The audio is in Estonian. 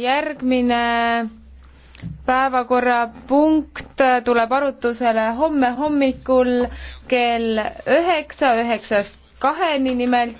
järgmine päevakorrapunkt tuleb arutusele homme hommikul kell üheksa üheksast kaheni nimelt.